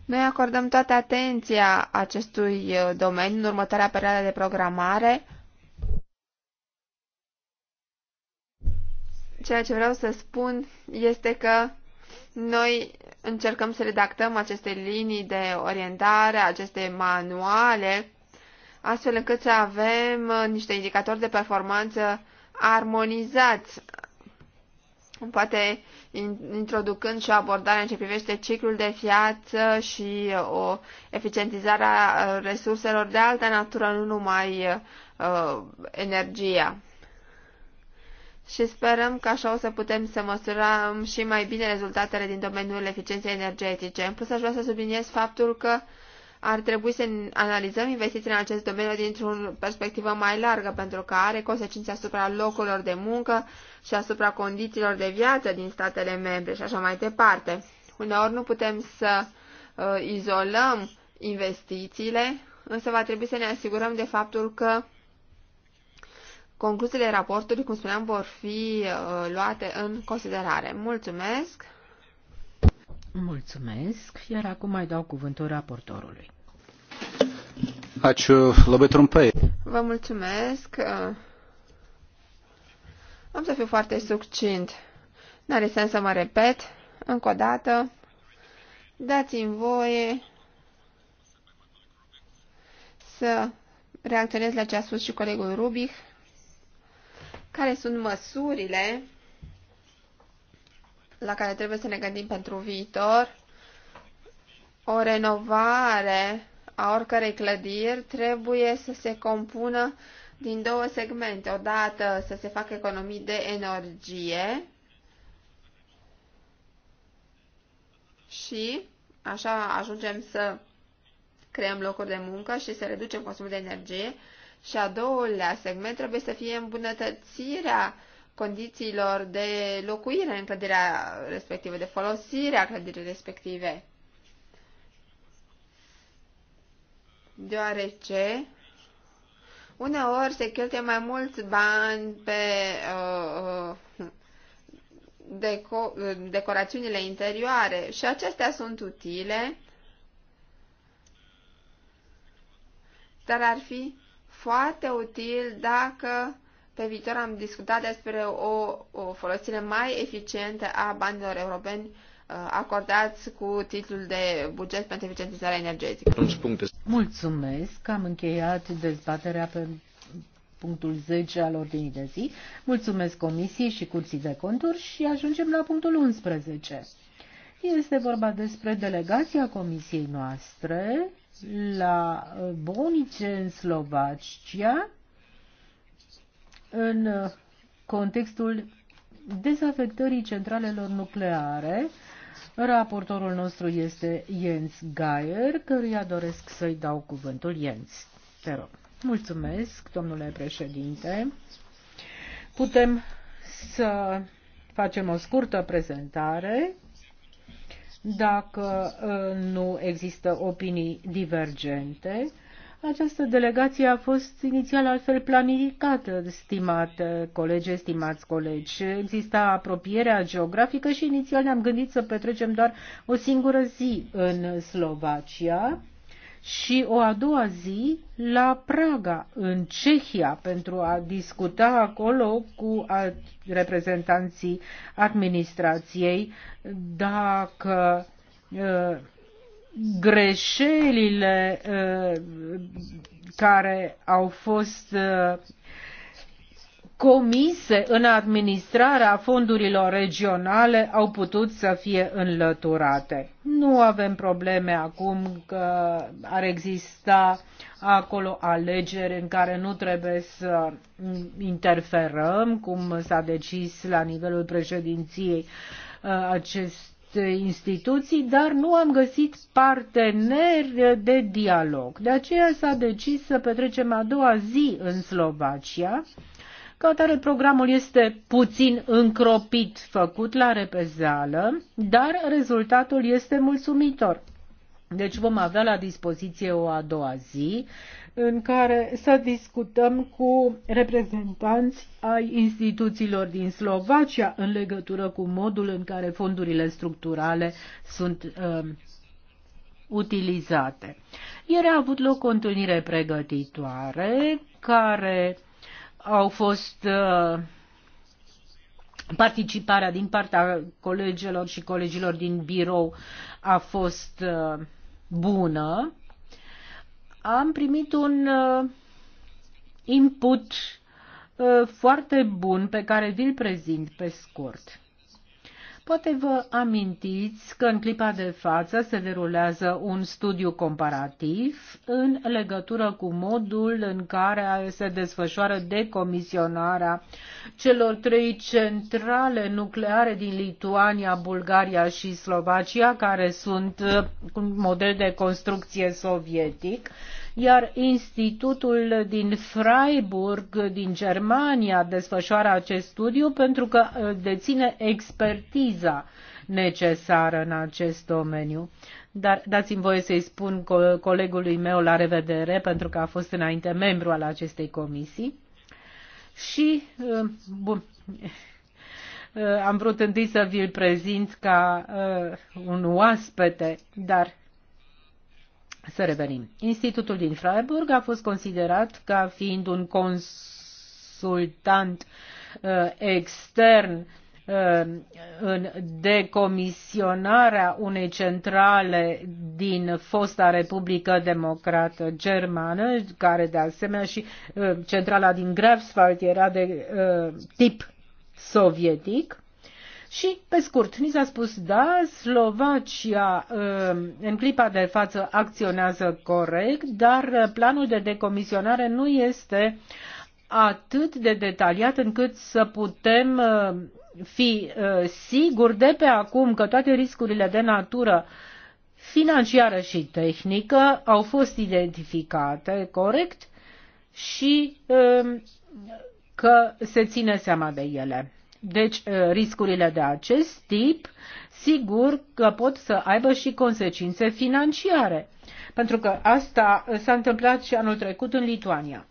Noi acordăm toată atenția acestui uh, domeniu în următoarea perioadă de programare. Ceea ce vreau să spun este că noi încercăm să redactăm aceste linii de orientare, aceste manuale, astfel încât să avem uh, niște indicatori de performanță armonizați, poate introducând și o abordare în ce privește ciclul de viață și uh, o eficientizare a uh, resurselor de altă natură, nu numai uh, energia și sperăm că așa o să putem să măsurăm și mai bine rezultatele din domeniul eficienței energetice. În plus, aș vrea să subliniez faptul că ar trebui să analizăm investițiile în acest domeniu dintr-o perspectivă mai largă, pentru că are consecințe asupra locurilor de muncă și asupra condițiilor de viață din statele membre și așa mai departe. Uneori nu putem să uh, izolăm investițiile, însă va trebui să ne asigurăm de faptul că Concluziile raportului, cum spuneam, vor fi uh, luate în considerare. Mulțumesc! Mulțumesc, iar acum mai dau cuvântul raportorului. Ačiū labai trumpai. Vă mulțumesc. Uh, am să fiu foarte succint. N-are sens să mă repet. Încă o dată, dați-mi voie să reacționez la ce a spus și colegul Rubic care sunt măsurile la care trebuie să ne gândim pentru viitor. O renovare a oricărei clădiri trebuie să se compună din două segmente. Odată să se facă economii de energie și așa ajungem să creăm locuri de muncă și să reducem consumul de energie și a doua, segment trebuie să fie îmbunătățirea condițiilor de locuire în clădirea respectivă, de folosire a clădirii respective. Deoarece uneori se cheltuie mai mulți bani pe uh, uh, deco- decorațiunile interioare și acestea sunt utile, dar ar fi foarte util dacă pe viitor am discutat despre o, o folosire mai eficientă a banilor europeni uh, acordați cu titlul de buget pentru eficientizarea energetică. Mulțumesc, am încheiat dezbaterea pe punctul 10 al ordinii de zi. Mulțumesc Comisiei și Curții de Conturi și ajungem la punctul 11. Este vorba despre delegația Comisiei noastre la uh, Bronice în Slovacia în uh, contextul dezafectării centralelor nucleare. Raportorul nostru este Jens Geier, căruia doresc să-i dau cuvântul Jens. Te rog. Mulțumesc, domnule președinte. Putem să facem o scurtă prezentare dacă ă, nu există opinii divergente. Această delegație a fost inițial altfel planificată, stimate colegi, stimați colegi. Exista apropierea geografică și inițial ne-am gândit să petrecem doar o singură zi în Slovacia și o a doua zi la Praga, în Cehia, pentru a discuta acolo cu reprezentanții administrației dacă uh, greșelile uh, care au fost uh, comise în administrarea fondurilor regionale au putut să fie înlăturate. Nu avem probleme acum că ar exista acolo alegeri în care nu trebuie să interferăm, cum s-a decis la nivelul președinției uh, acestei instituții, dar nu am găsit parteneri de dialog. De aceea s-a decis să petrecem a doua zi în Slovacia, ca atare, programul este puțin încropit, făcut la repezeală, dar rezultatul este mulțumitor. Deci vom avea la dispoziție o a doua zi în care să discutăm cu reprezentanți ai instituțiilor din Slovacia în legătură cu modul în care fondurile structurale sunt uh, utilizate. Ieri a avut loc o întâlnire pregătitoare care au fost uh, participarea din partea colegelor și colegilor din birou a fost uh, bună. Am primit un uh, input foarte bun pe care vi-l prezint pe scurt. Poate vă amintiți că în clipa de față se derulează un studiu comparativ în legătură cu modul în care se desfășoară decomisionarea celor trei centrale nucleare din Lituania, Bulgaria și Slovacia, care sunt uh, model de construcție sovietic iar Institutul din Freiburg, din Germania, desfășoară acest studiu pentru că uh, deține expertiza necesară în acest domeniu. Dar dați-mi voie să-i spun colegului meu la revedere, pentru că a fost înainte membru al acestei comisii. Și, uh, bun, uh, am vrut întâi să vi-l prezint ca un oaspete, dar să revenim. Institutul din Freiburg a fost considerat ca fiind un consultant uh, extern uh, în decomisionarea unei centrale din fosta Republică Democrată Germană, care de asemenea și uh, centrala din Greifswald era de uh, tip sovietic și, pe scurt, ni s-a spus, da, Slovacia ehm, în clipa de față acționează corect, dar eh, planul de decomisionare nu este atât de detaliat încât să putem eh, fi eh, siguri de pe acum că toate riscurile de natură financiară și tehnică au fost identificate corect și ehm, că se ține seama de ele. Deci, uh, riscurile de acest tip, sigur că pot să aibă și consecințe financiare, pentru că asta uh, s-a întâmplat și anul trecut în Lituania.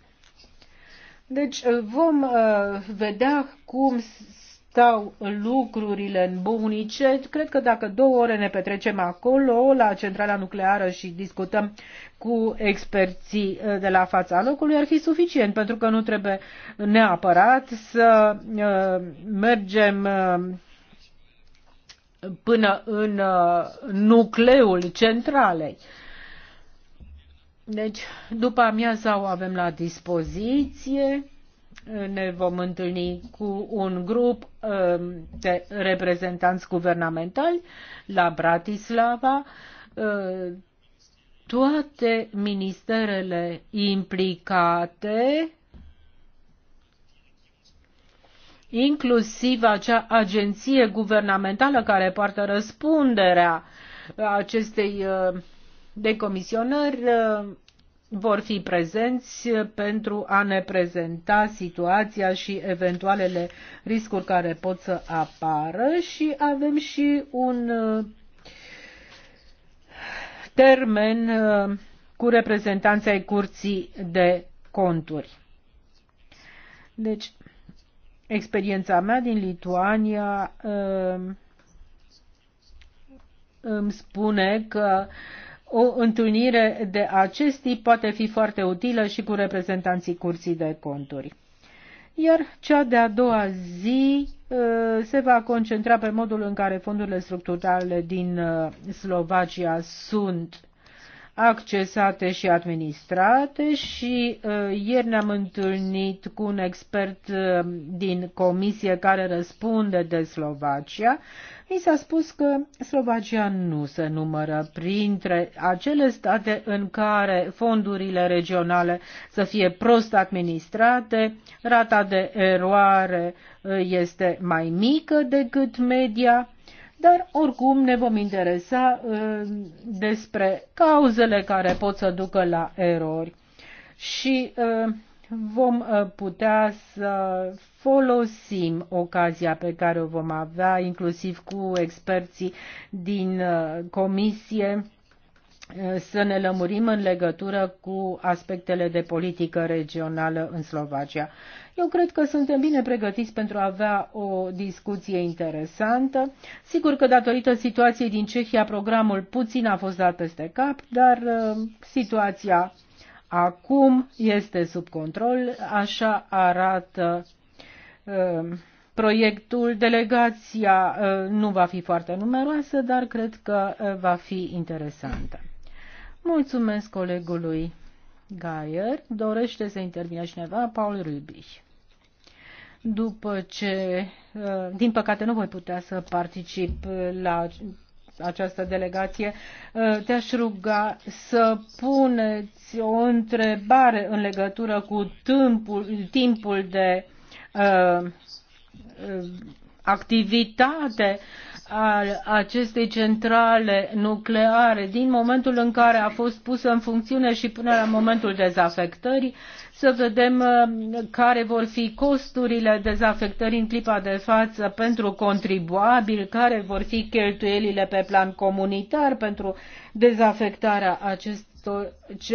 Deci uh, vom vedea cum stau lucrurile în bunice, cred că dacă două ore ne petrecem acolo, la centrala nucleară și discutăm cu experții eh, de la fața locului, ar fi suficient, pentru că nu trebuie neapărat să eh, mergem eh, până în nucleul centralei. Deci, după amiază o avem la dispoziție ne vom întâlni cu un grup um, de reprezentanți guvernamentali la Bratislava. Uh, toate ministerele implicate inclusiv acea agenție guvernamentală care poartă răspunderea acestei uh, decomisionări uh, vor fi prezenți pentru a ne prezenta situația și eventualele riscuri care pot să apară și avem și un uh, termen uh, cu reprezentanța ai curții de conturi. Deci, experiența mea din Lituania uh, îmi spune că uh, o întâlnire de acest tip poate fi foarte utilă și cu reprezentanții curții de conturi. Iar cea de-a doua zi uh, se va concentra pe modul în care fondurile structurale din uh, Slovacia sunt accesate și administrate și uh, ieri ne-am întâlnit cu un expert uh, din comisie care răspunde de Slovacia. Mi s-a spus că Slovacia nu se numără printre acele state în care fondurile regionale să fie prost administrate, rata de eroare uh, este mai mică decât media dar oricum ne vom interesa uh, despre cauzele care pot să ducă la erori și uh, vom uh, putea să folosim ocazia pe care o vom avea, inclusiv cu experții din comisie, să ne lămurim în legătură cu aspectele de politică regională în Slovacia. Eu cred că suntem bine pregătiți pentru a avea o discuție interesantă. Sigur că datorită situației din Cehia programul puțin a fost dat peste cap, dar uh, situația acum este sub control, așa arată uh, proiectul. Delegația uh, nu va fi foarte numeroasă, dar cred că va fi interesantă. Mulțumesc colegului Gaier. Dorește să intervine cineva? Paul Rubi. După ce, uh, din păcate, nu voi putea să particip la această delegație, uh, te-aș ruga să puneți o întrebare în legătură cu timpul, timpul de uh, uh activitate al acestei centrale nucleare din momentul în care a fost pusă în funcțiune și până la momentul dezafectării, să vedem uh, care vor fi costurile dezafectării în clipa de față pentru contribuabil, care vor fi cheltuielile pe plan comunitar pentru dezafectarea acestei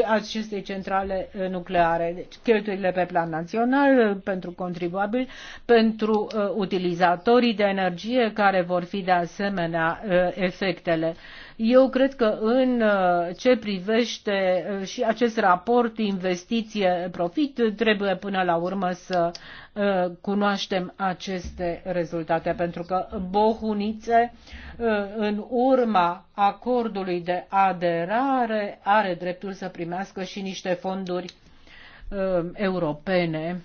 acestei centrale uh, nucleare. Deci cheltuielile pe plan național uh, pentru contribuabil, pentru uh, utilizatorii de energie care vor fi de asemenea efectele. Uh, eu cred că în uh, ce privește uh, și acest raport investiție-profit, trebuie până la urmă să uh, cunoaștem aceste rezultate, pentru că Bohunițe, în urma acordului de aderare, are dreptul să primească și niște fonduri europene.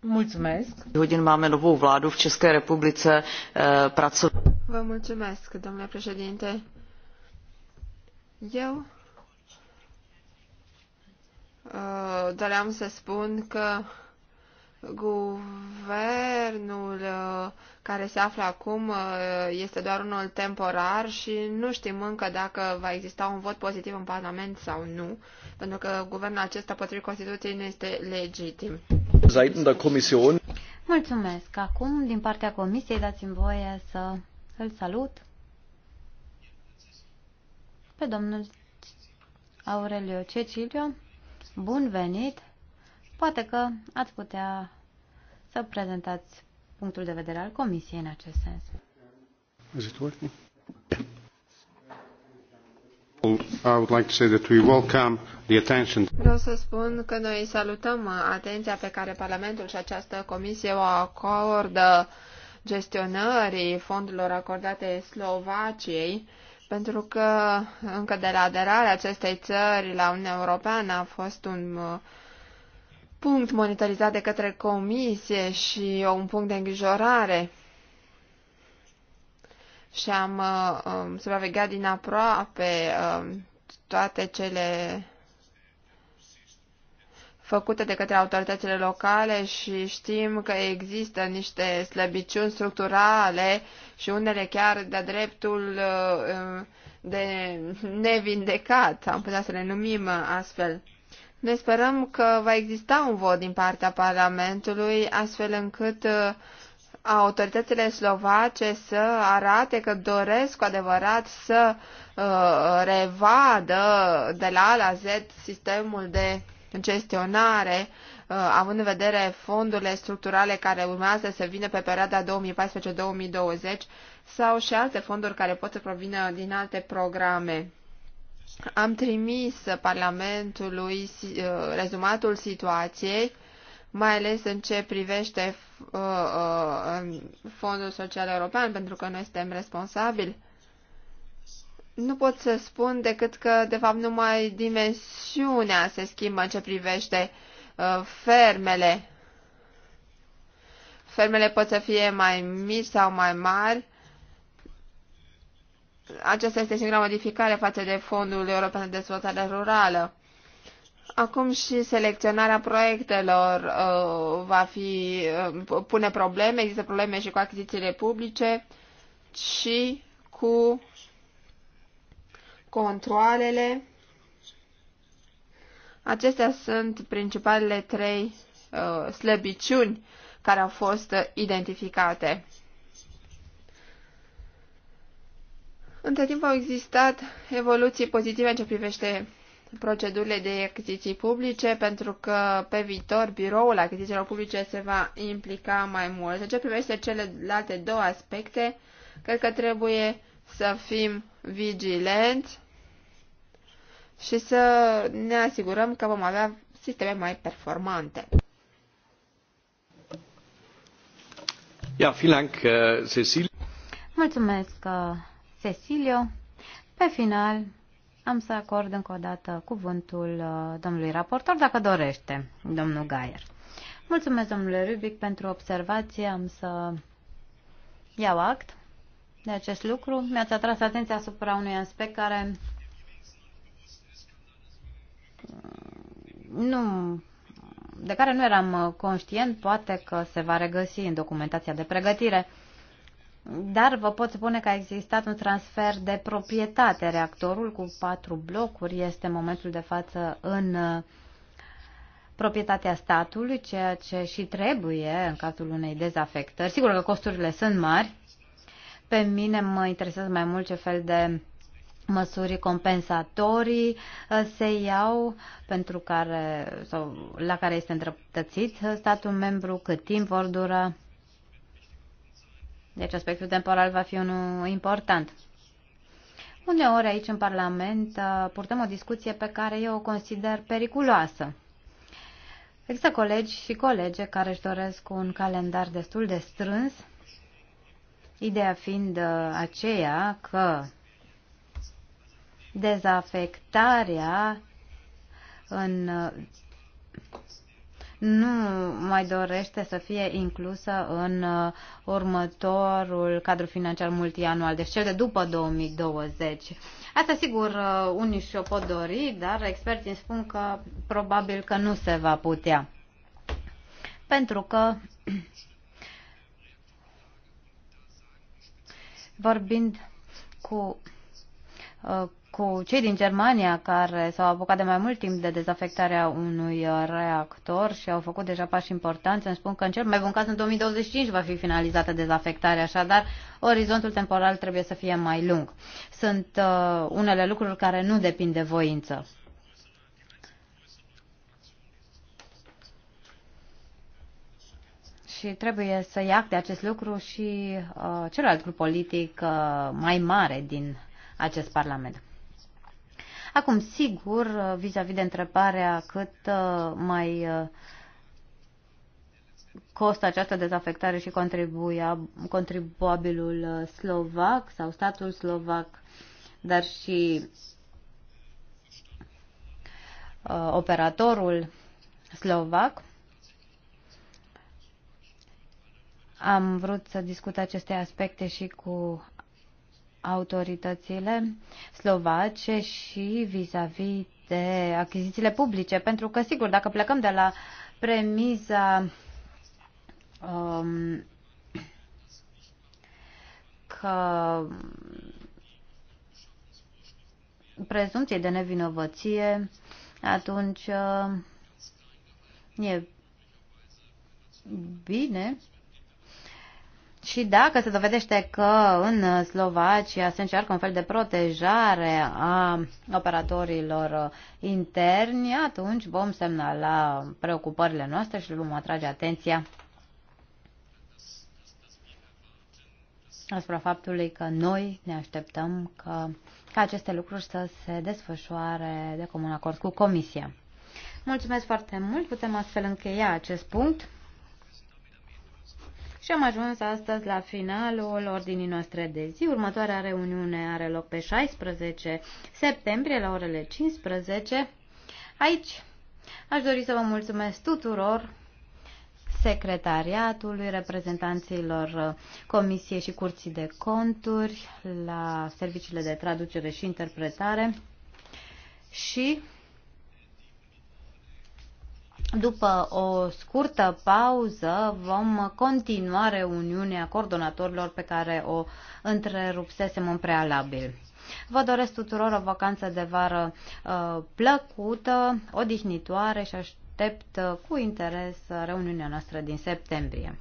Mulțumesc. Hodin máme novou vládu v České republice. Vă mulțumesc, domnule președinte. Eu uh, doream să spun că guvernul uh, care se află acum uh, este doar unul temporar și nu știm încă dacă va exista un vot pozitiv în Parlament sau nu, pentru că guvernul acesta, potrivit Constituției, nu este legitim. Mulțumesc. Acum, din partea Comisiei, dați-mi voie să îl salut pe domnul Aurelio Cecilio. Bun venit! Poate că ați putea să prezentați punctul de vedere al Comisiei în acest sens. I would like to say that we welcome the attention. Vreau să spun că noi salutăm atenția pe care Parlamentul și această comisie o acordă gestionării fondurilor acordate Slovaciei uh, pentru că încă de la aderarea acestei țări la Uniunea Europeană a fost un uh, punct monitorizat de către comisie și un punct de îngrijorare și am uh, um, supravegheat din aproape uh, toate cele făcute de către autoritățile locale și știm că există niște slăbiciuni structurale și unele chiar de dreptul uh, de nevindecat, am putea să le numim astfel. Ne sperăm că va exista un vot din partea Parlamentului, astfel încât uh, autoritățile slovace să arate că doresc cu adevărat să uh, revadă de la A la Z sistemul de gestionare, uh, având în vedere fondurile structurale care urmează să vină pe perioada 2014-2020 sau și alte fonduri care pot să provină din alte programe. Am trimis Parlamentului uh, rezumatul situației, mai ales în ce privește uh, Fondul Social European, pentru că noi suntem responsabili nu pot să spun decât că, de fapt, numai dimensiunea se schimbă în ce privește uh, fermele. Fermele pot să fie mai mici sau mai mari. Aceasta este singura modificare față de Fondul European de Dezvoltare Rurală. Acum și selecționarea proiectelor uh, va fi, uh, pune probleme, există probleme și cu achizițiile publice și cu controlele. Acestea sunt principalele trei uh, slăbiciuni care au fost uh, identificate. Între timp au existat evoluții pozitive în ce privește procedurile de achiziții publice, pentru că pe viitor biroul achizițiilor publice se va implica mai mult. În ce privește celelalte două aspecte, cred că trebuie să fim vigilenți și să ne asigurăm că vom avea sisteme mai performante. Ja, vielen Dank, äh, Cecil. Mulțumesc, äh, Cecilio. Pe final, am să acord încă o dată cuvântul äh, domnului raportor, dacă dorește, domnul Gaier. Mulțumesc, domnule Rubic, pentru observație. Am să iau act de acest lucru. Mi-ați atras atenția asupra unui aspect care nu, de care nu eram uh, conștient, poate că se va regăsi în documentația de pregătire. Dar vă pot spune că a existat un transfer de proprietate. Reactorul cu patru blocuri este în momentul de față în uh, proprietatea statului, ceea ce și trebuie în cazul unei dezafectări. Sigur că costurile sunt mari. Pe mine mă interesează mai mult ce fel de măsuri compensatorii uh, se iau pentru care, sau la care este îndreptățit uh, statul membru, cât timp vor dura. Deci aspectul temporal va fi unul important. Uneori aici în Parlament uh, purtăm o discuție pe care eu o consider periculoasă. Există colegi și colege care își doresc un calendar destul de strâns, ideea fiind aceea că dezafectarea în, nu mai dorește să fie inclusă în uh, următorul cadru financiar multianual, deci cel de după 2020. Asta, sigur, uh, unii și-o pot dori, dar experții îmi spun că probabil că nu se va putea. Pentru că vorbind cu uh, cu cei din Germania care s-au apucat de mai mult timp de dezafectarea unui uh, reactor și au făcut deja pași importanți. Îmi spun că în cel mai bun caz în 2025 va fi finalizată dezafectarea, așadar orizontul temporal trebuie să fie mai lung. Sunt uh, unele lucruri care nu depind de voință. Și trebuie să ia de acest lucru și uh, celălalt grup politic uh, mai mare din acest Parlament. Acum, sigur, vis-a-vis -vis de întrebarea cât uh, mai uh, costă această dezafectare și contribuia, contribuabilul uh, slovac sau statul slovac, dar și uh, operatorul slovac. Am vrut să discut aceste aspecte și cu autoritățile slovace și vis-a-vis -vis de achizițiile publice, pentru că, sigur, dacă plecăm de la premiza um, că prezumției de nevinovăție, atunci uh, e bine și dacă se dovedește că în Slovacia se încearcă un fel de protejare a operatorilor interni, atunci vom la preocupările noastre și vom atrage atenția asupra faptului că noi ne așteptăm că, ca aceste lucruri să se desfășoare de comun acord cu Comisia. Mulțumesc foarte mult, putem astfel încheia acest punct. Și am ajuns astăzi la finalul ordinii noastre de zi. Următoarea reuniune are loc pe 16 septembrie la orele 15. Aici aș dori să vă mulțumesc tuturor secretariatului, reprezentanților Comisiei și Curții de Conturi, la serviciile de traducere și interpretare și după o scurtă pauză vom continua reuniunea coordonatorilor pe care o întrerupsesem în prealabil. Vă doresc tuturor o vacanță de vară uh, plăcută, odihnitoare și aștept uh, cu interes uh, reuniunea noastră din septembrie.